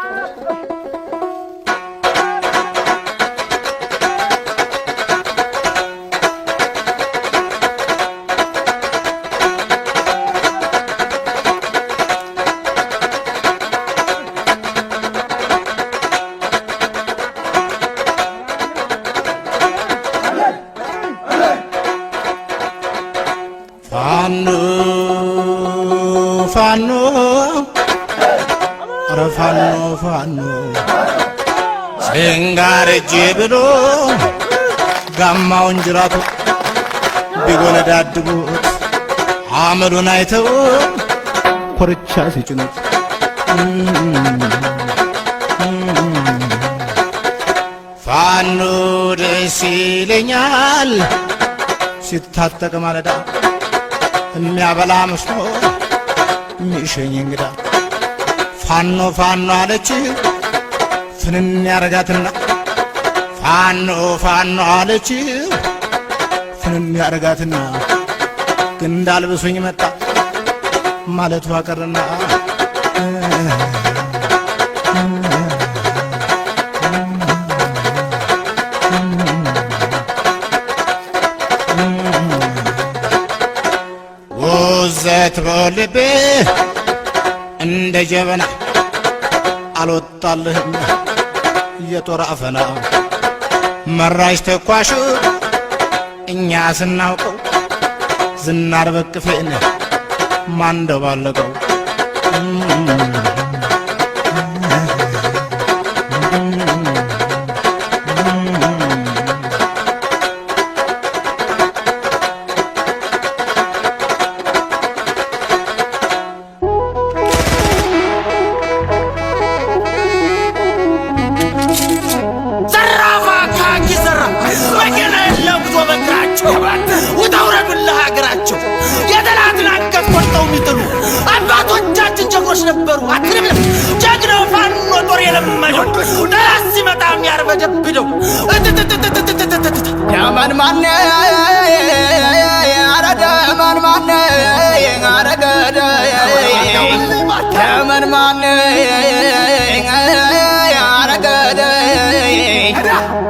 Ah! ሄጄ ብሎ ጋማውን ጅራቱ ቢጎነዳድቡት አመሉን አይተው ኮርቻ ሲጭኑት ፋኖ ደስ ይለኛል ሲታጠቅ ማለዳ የሚያበላ መስኖ የሚሸኝ እንግዳ ፋኖ ፋኖ አለች ፍንን ያረጋትና ፋኖ ፋኖ አለች ፍንን ያደረጋትና ግን እንዳልብሱኝ መጣ ማለቱ አቀርና ውዘት በልቤ እንደ ጀበና አልወጣልህም የጦር አፈና መራሽ ተኳሹ እኛ ስናውቀው ዝናር በቅፌን ማንደባለቀው ማነ አረደ ማን ማነ አረገደ ተመን ማነ አረገደ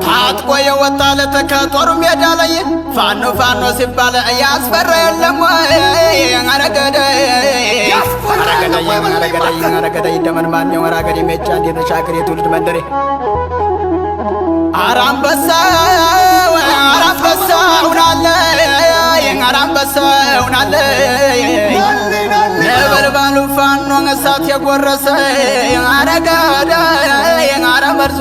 ታጥቆ የወጣለት ከጦሩ ሜዳ ላይ ፋኖ ፋኖ ሲባል ያስፈራ የለም ወይ አረገደ አረገደ ደመን ማነ ወራገዴ ሜጫ እንዴት ነሽ አገሬ መንደሬ አራምበሳ ሁናለኝ አንበሳ ሁናለኝ ነበልባሉ ፋኖ እሳት የጎረሰ አረጋዳይ አረ መርዞ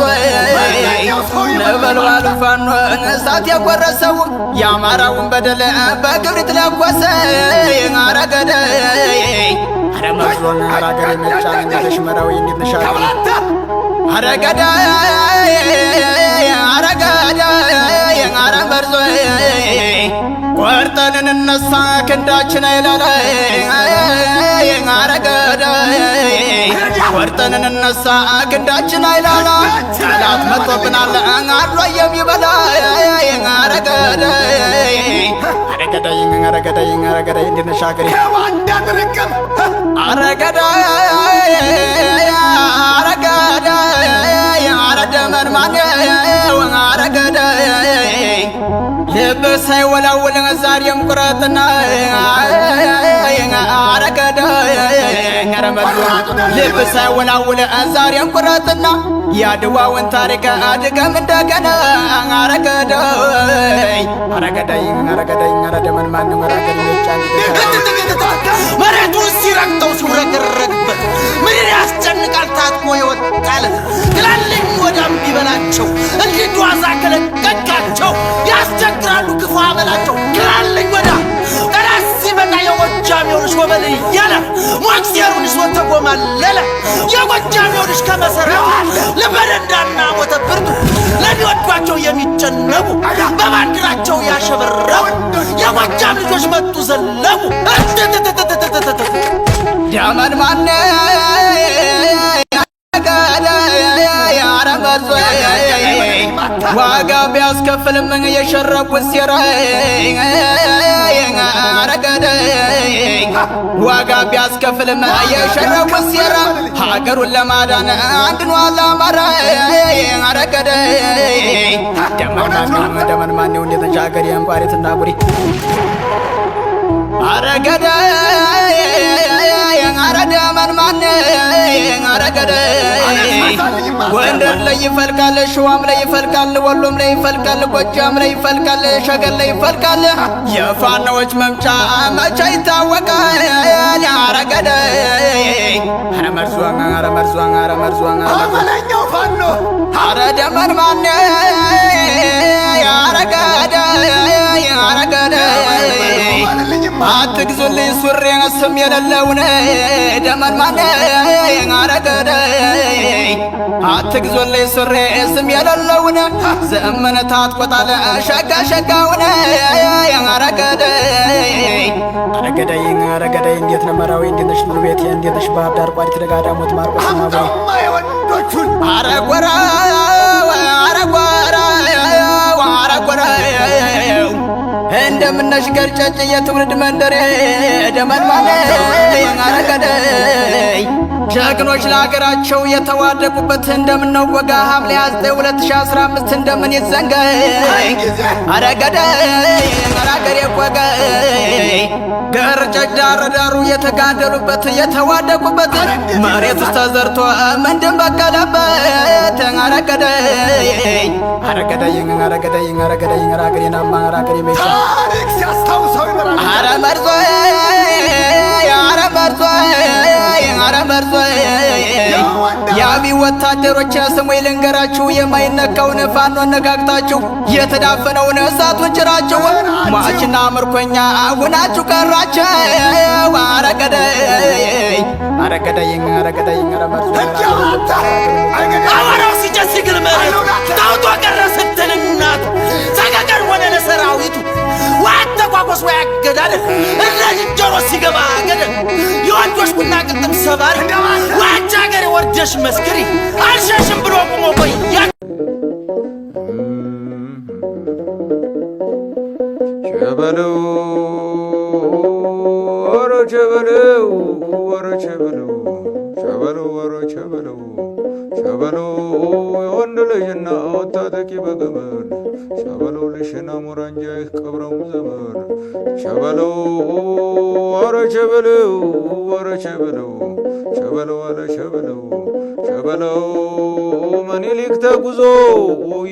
ነበልባሉ ፋኖ እሳት የጎረሰው የአማራውን በደል በክብሪት ለኮሰ አረገዳይ አረ መርዞን አራገር ነጫል ተሽመራዊ እንዴት ነሻል አረገዳይ አረ በርዞ ቆርጠን እንነሳ ክንዳችን አይላለ አረ ቆርጠን እንነሳ ክንዳችን አይላላ ጠላት መጥቶብናል አድሮ የሚበላ አረ ገደ አረ ገዳይ እንድንሻገር አረ ገዳይ ዘመን አረገደ ልብ ሳይወላውል ዛሬም ቁረጥና አረገደ ልብ ሳይወላውል ዛሬም ቁረጥና የአድዋውን ታሪክ አድገም እንደገና አረገደኝ አረገደኝ አረገደኝ አረደመን ማንም አረገደኝ መሬቱ ሲረግጠው ሲውረግረ ምን ያስጨንቃል ታጥቆ የወጣለ ግላለኝ ወዳም ቢበላቸው እንዲህ ዷዛ ከለቀቃቸው ያስቸግራሉ ክፉ አመላቸው ግላለኝ ወዳ ጠላት ሲመጣ የጎጃም የሆንሽ ወበል እያለ ሞክሴሩንሽ ወተጎማለለ የጎጃም የሆንሽ ከመሰረዋ ልበደንዳና ሞተ ብርቱ ለሚወዷቸው የሚጨነቁ በባንዲራቸው ያሸበረቡ የጎጃም ልጆች መጡ ዘለቡ ዳማን ማነ ዋጋ ቢያስከፍልም የሸረኩት ሴራ ዋጋ ቢያስከፍልም ሴራ ሀገሩን ለማዳን አንድኗል አማራ አረገደ ደመን እንደተሻገር ቡሪ አረገደ ሸዋን ማነ አረገደ ጎንደር ላይ ይፈልቃል፣ ሸዋም ላይ ይፈልቃል፣ ወሎም ላይ ይፈልቃል፣ ጎጃም ላይ ይፈልቃል፣ ሸገር ላይ ይፈልቃል። የፋናዎች መምጫ መቼ ይታወቃል? አረገደ አመለኛው ፋኖ አረገደ አረገነ አትግዙልኝ ሱሪ ስም የሌለውን ደመልማል አረገነ አትግዙልኝ ሱሬ ስም የሌለውን ዘመን ታጥቆታል ሸጋ ሸጋውን አረገደ አረገደይ አረገደይ እንዴት ነው መራዊ እንዴት ነሽ ሙሉ ቤት እንዴት ነሽ ባህር ዳር ቋዲት ደጋ ዳሞት ማርቆስ ማባ አረጎራ እንደምነሽ ገርጨጭ የትውልድ መንደሬ ደመልማሌ አረገደይ ጀግኖች ለሀገራቸው የተዋደቁበት እንደምነው ወጋ ሐምሌ 2015 እንደምን ይዘንገይ አረገደይ አራገሬ ወገይ ገርጨጭ ዳር ዳሩ የተጋደሉበት የተዋደቁበት መሬት ውስጥ ተዘርቶ ምንድን በቀለበት አረገደይ አረገደይ አረገደይ አረገደይ አራገሬናማ አራገሬ ሜታ ሲያስታውሰው አረ መርዞ አረ መርዞ አረ መርዞ የአቢ ወታደሮች ስሙ ልንገራችሁ፣ የማይነካውን ፋኖ አነጋግታችሁ፣ የተዳፈነውን እሳቱን ጭራችሁ፣ ሟችና ምርኮኛ አሁናችሁ ቀራችሁ። አረገደይ አረገደይ አረገደይ አረመርዞ ሲጨስ ቀረ አለ እረጅት ጆሮ ሲገባ ገደ የወንዶች ቡና ቅጥም ሰባሪ ዋጃ ገሬ ወርደሽ መስክሪ አልሸሽም ብሎ ቁሞ ቆይ ቸበለው ወሮ ቸበለው ወሮ ቸበለው ቸበለው ወሮ ቸበለው ቸበለው ልጅና ወታጠቂ በገመድ ሸበለው ልሽና ሙራንጃይህ ቀብረሙ ዘመድ ሸበለው አረ ሸበለው አረ ሸበለው ሸበለው አለ ሸበለው ሸበለው ምኒልክ ተጉዞ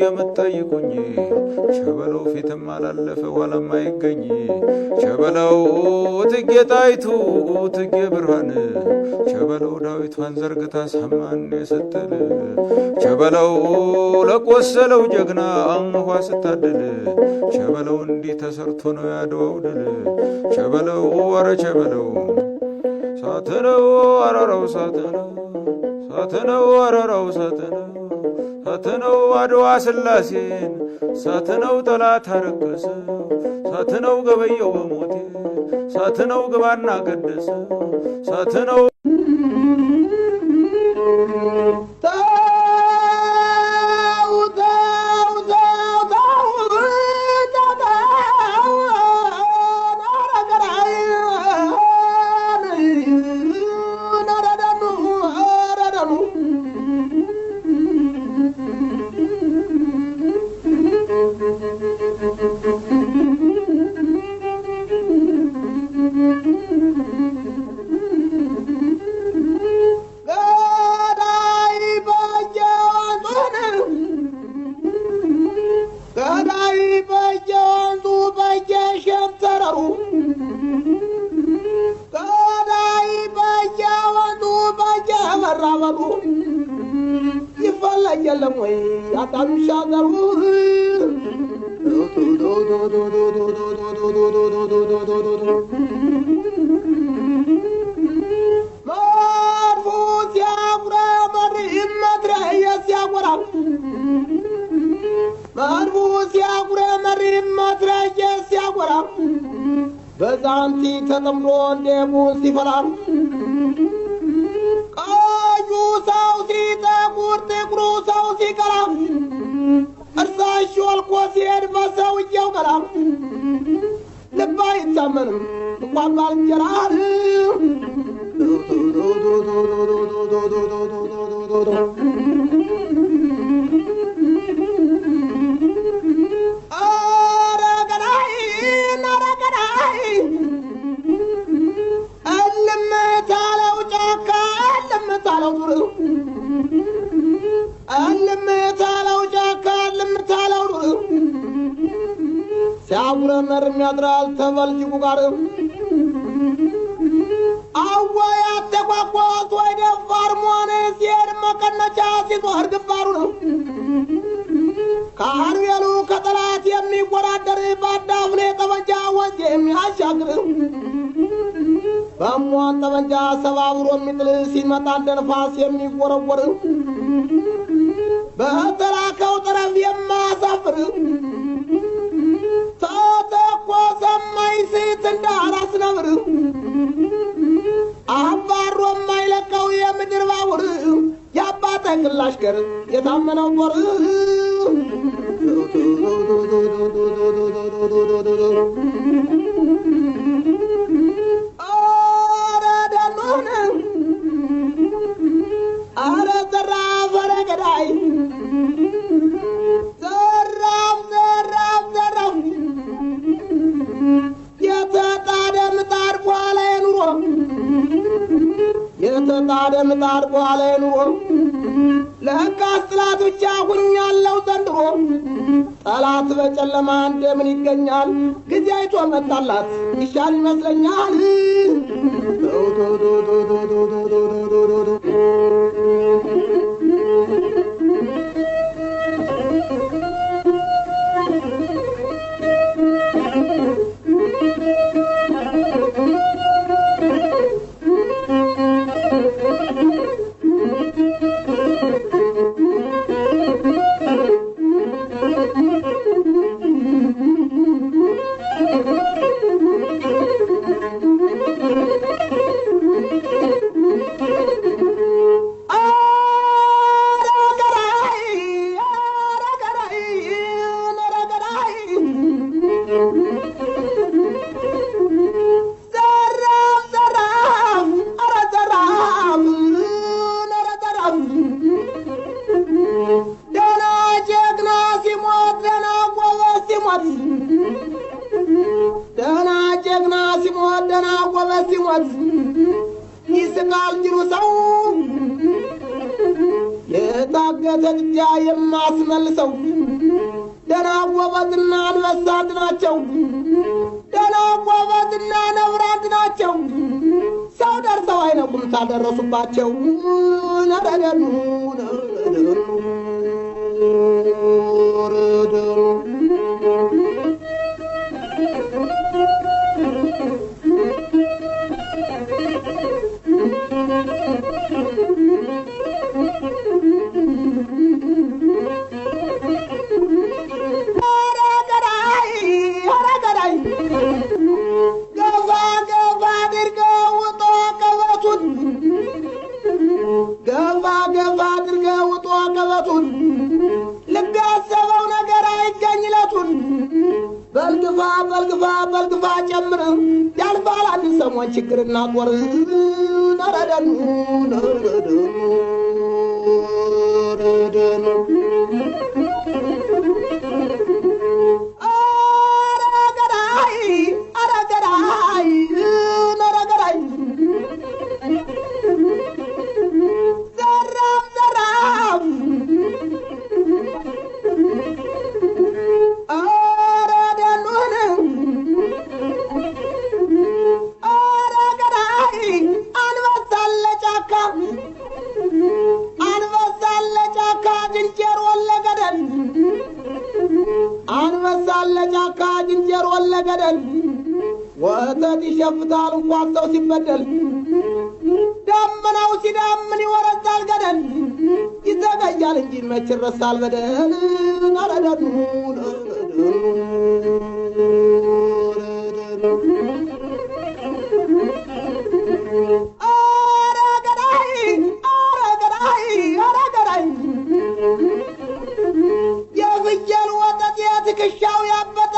የምትጠይቁኝ ሸበለው ፊትም አላለፈ ኋላም አይገኝ ሸበለው ትጌ ጣይቱ ትጌ ብርሃን ሸበለው ዳዊቷን ዘርግታ ሰማን የሰጠል ሸበለው ለቆሰለው ጀግና አምኳ ስታደል ቸበለው እንዲህ ተሰርቶ ነው ያድዋው ድል ቸበለው ወረ ቸበለው ሳትነው አረረው ሳትነው ሳትነው አረረው ሳትነው ሳትነው አድዋ ስላሴን ሳትነው ጠላት አረከሰው ሳትነው ገበየው በሞቴ ሳትነው ግባና ቀደሰው ሳትነው ዳንቲ ተጠምዶ እንደሙ ቡን ሲፈራሩ ቀዩ ሰው ሲጠቁር ጥቁሩ ሰው ሲቀራ እርሳሽ ወልኮ ሲሄድ በሰውየው ቀራ ልባ አይታመንም እንኳን ባልንጀራ መርም የሚያድራል ተበልጅቁ ጋር አወይ አተቋቋት ወይ ደፋር ሲሄድ መቀነቻ ሲጦር ግንባሩ ነው የሉ ከጠላት የሚወራደር ባዳፍኔ ጠመንጃ ወንዝ የሚያሻግር በሟን ጠመንጃ ሰባብሮ የሚጥል ሲመጣ እንደ ንፋስ የሚወረወር በተላከው ጠረፍ የማሳፍር! ሴት እንደ አራስ ነብር አባሮ የማይለቀው የምድር ባቡር የአባተ ግላሽ ገር የታመነው ጦር ላርቆ በኋላ ለሕግ አስጥላት ብቻ ሁኛለው ዘንድሮ ጠላት በጨለማ እንደምን ይገኛል? ጊዜ አይቶ መጣላት ይሻል ይመስለኛል። ደህና ጀግና ሲሞት ደህና ጎበዝ ሲሞት ይስቃል ጅሩ ሰው የታገተ ግጃ የማስመልሰው ደህና ጎበዝና አንበሳ ናቸው። ደህና ጎበዝና ነብራት ናቸው። ሰው ደርሰው አይነቁም ሳልደረሱባቸው ነረደኑ ነረደኑ Thank you. ባልበደል አረዳዱ የፍየል ያበጠ ያበጠበት የፍየል ወተት የትከሻው ያበጠ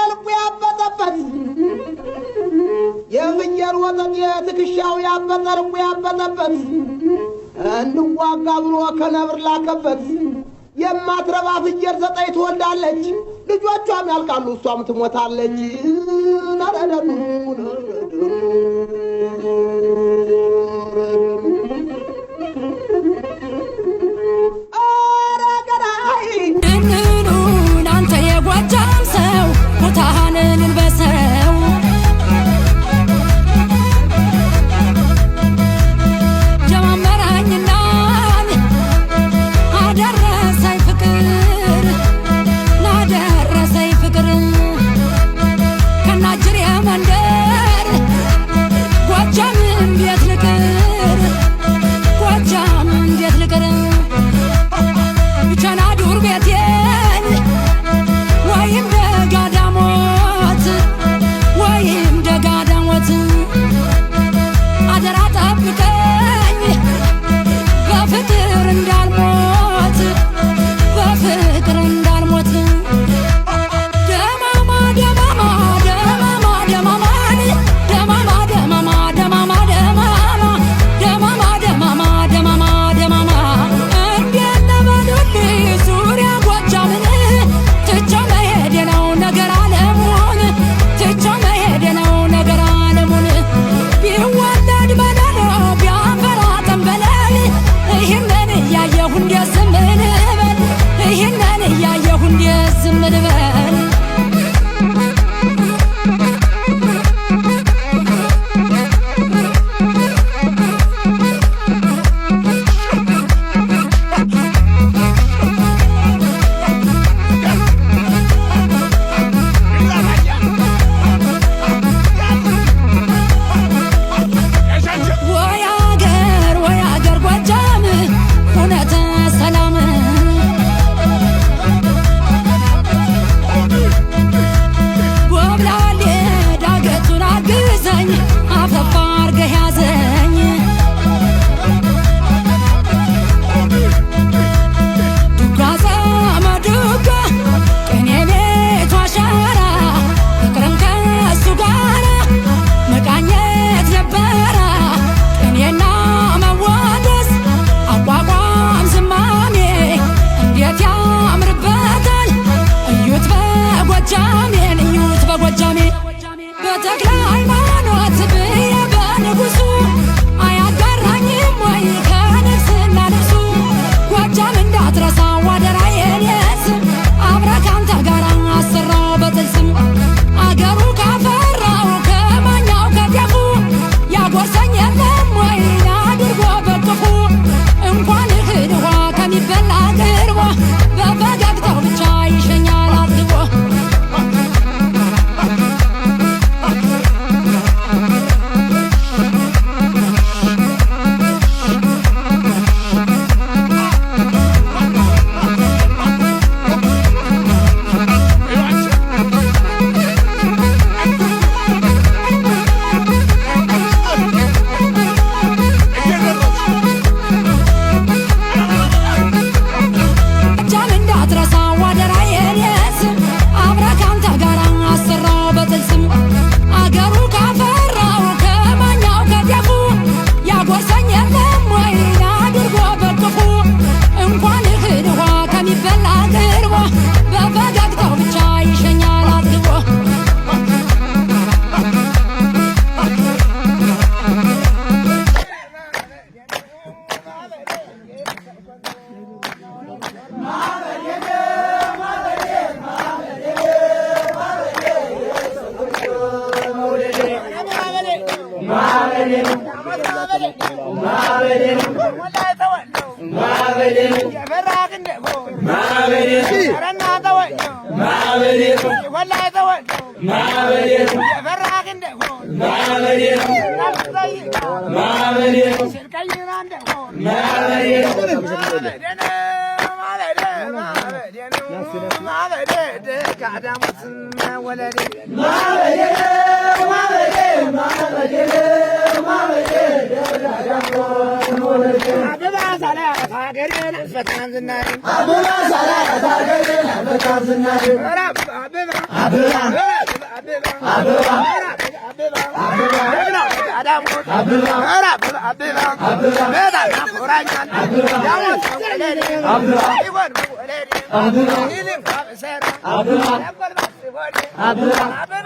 ልቡ ያበጠበት እንዋጋ ብሎ ከነብር ላከበት የማትረባ ፍየል ዘጠኝ ትወልዳለች፣ ልጆቿም ያልቃሉ፣ እሷም ትሞታለች። عبد الله አበባ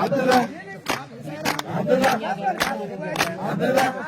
عبد الله عبد الله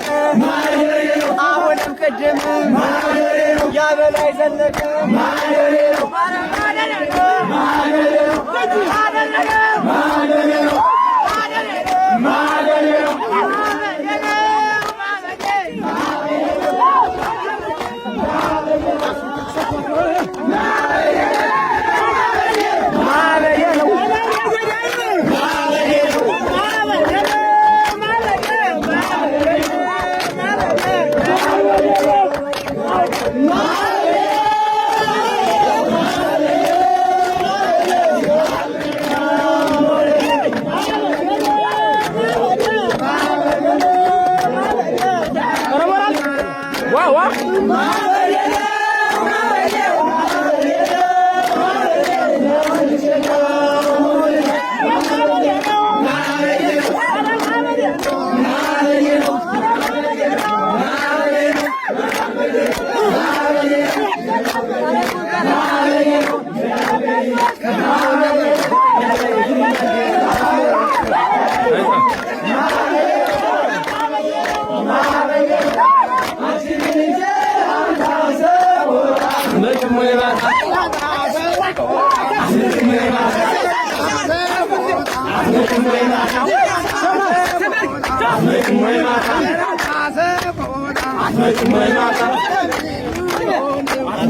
ዘለቀ አሁንም ቅድም ያበላይ ዘለቀ